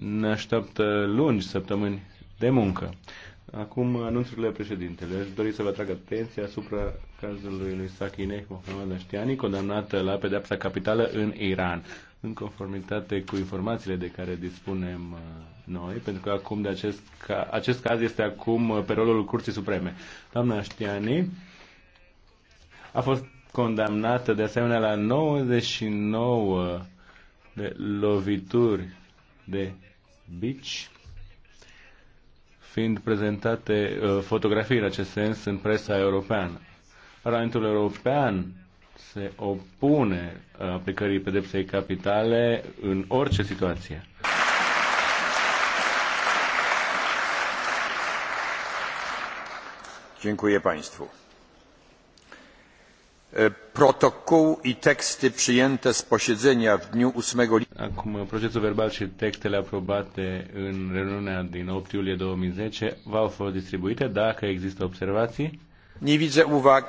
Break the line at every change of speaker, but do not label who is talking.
Ne așteaptă lungi săptămâni de muncă. Acum anunțurile președintele. Aș dori să vă atrag atenția asupra cazului lui Sakineh Mohamed Ashtiani, condamnată la pedeapsa capitală în Iran, în conformitate cu informațiile de care dispunem uh, noi, pentru că acum de acest, ca, acest caz este acum uh, pe rolul Curții Supreme. Doamna Ashtiani a fost condamnată de asemenea la 99 de lovituri de bici, fiind prezentate uh, fotografii în acest sens în presa europeană. Parlamentul European se opune uh, aplicării pedepsei capitale în orice situație.
Dziękuję Państwu. Protokół i
teksty przyjęte z posiedzenia w dniu 8 lipca Acum, procesul verbal și textele aprobate în reuniunea din 8 iulie 2010 v-au fost distribuite. Dacă există observații? Nie widzę uwag.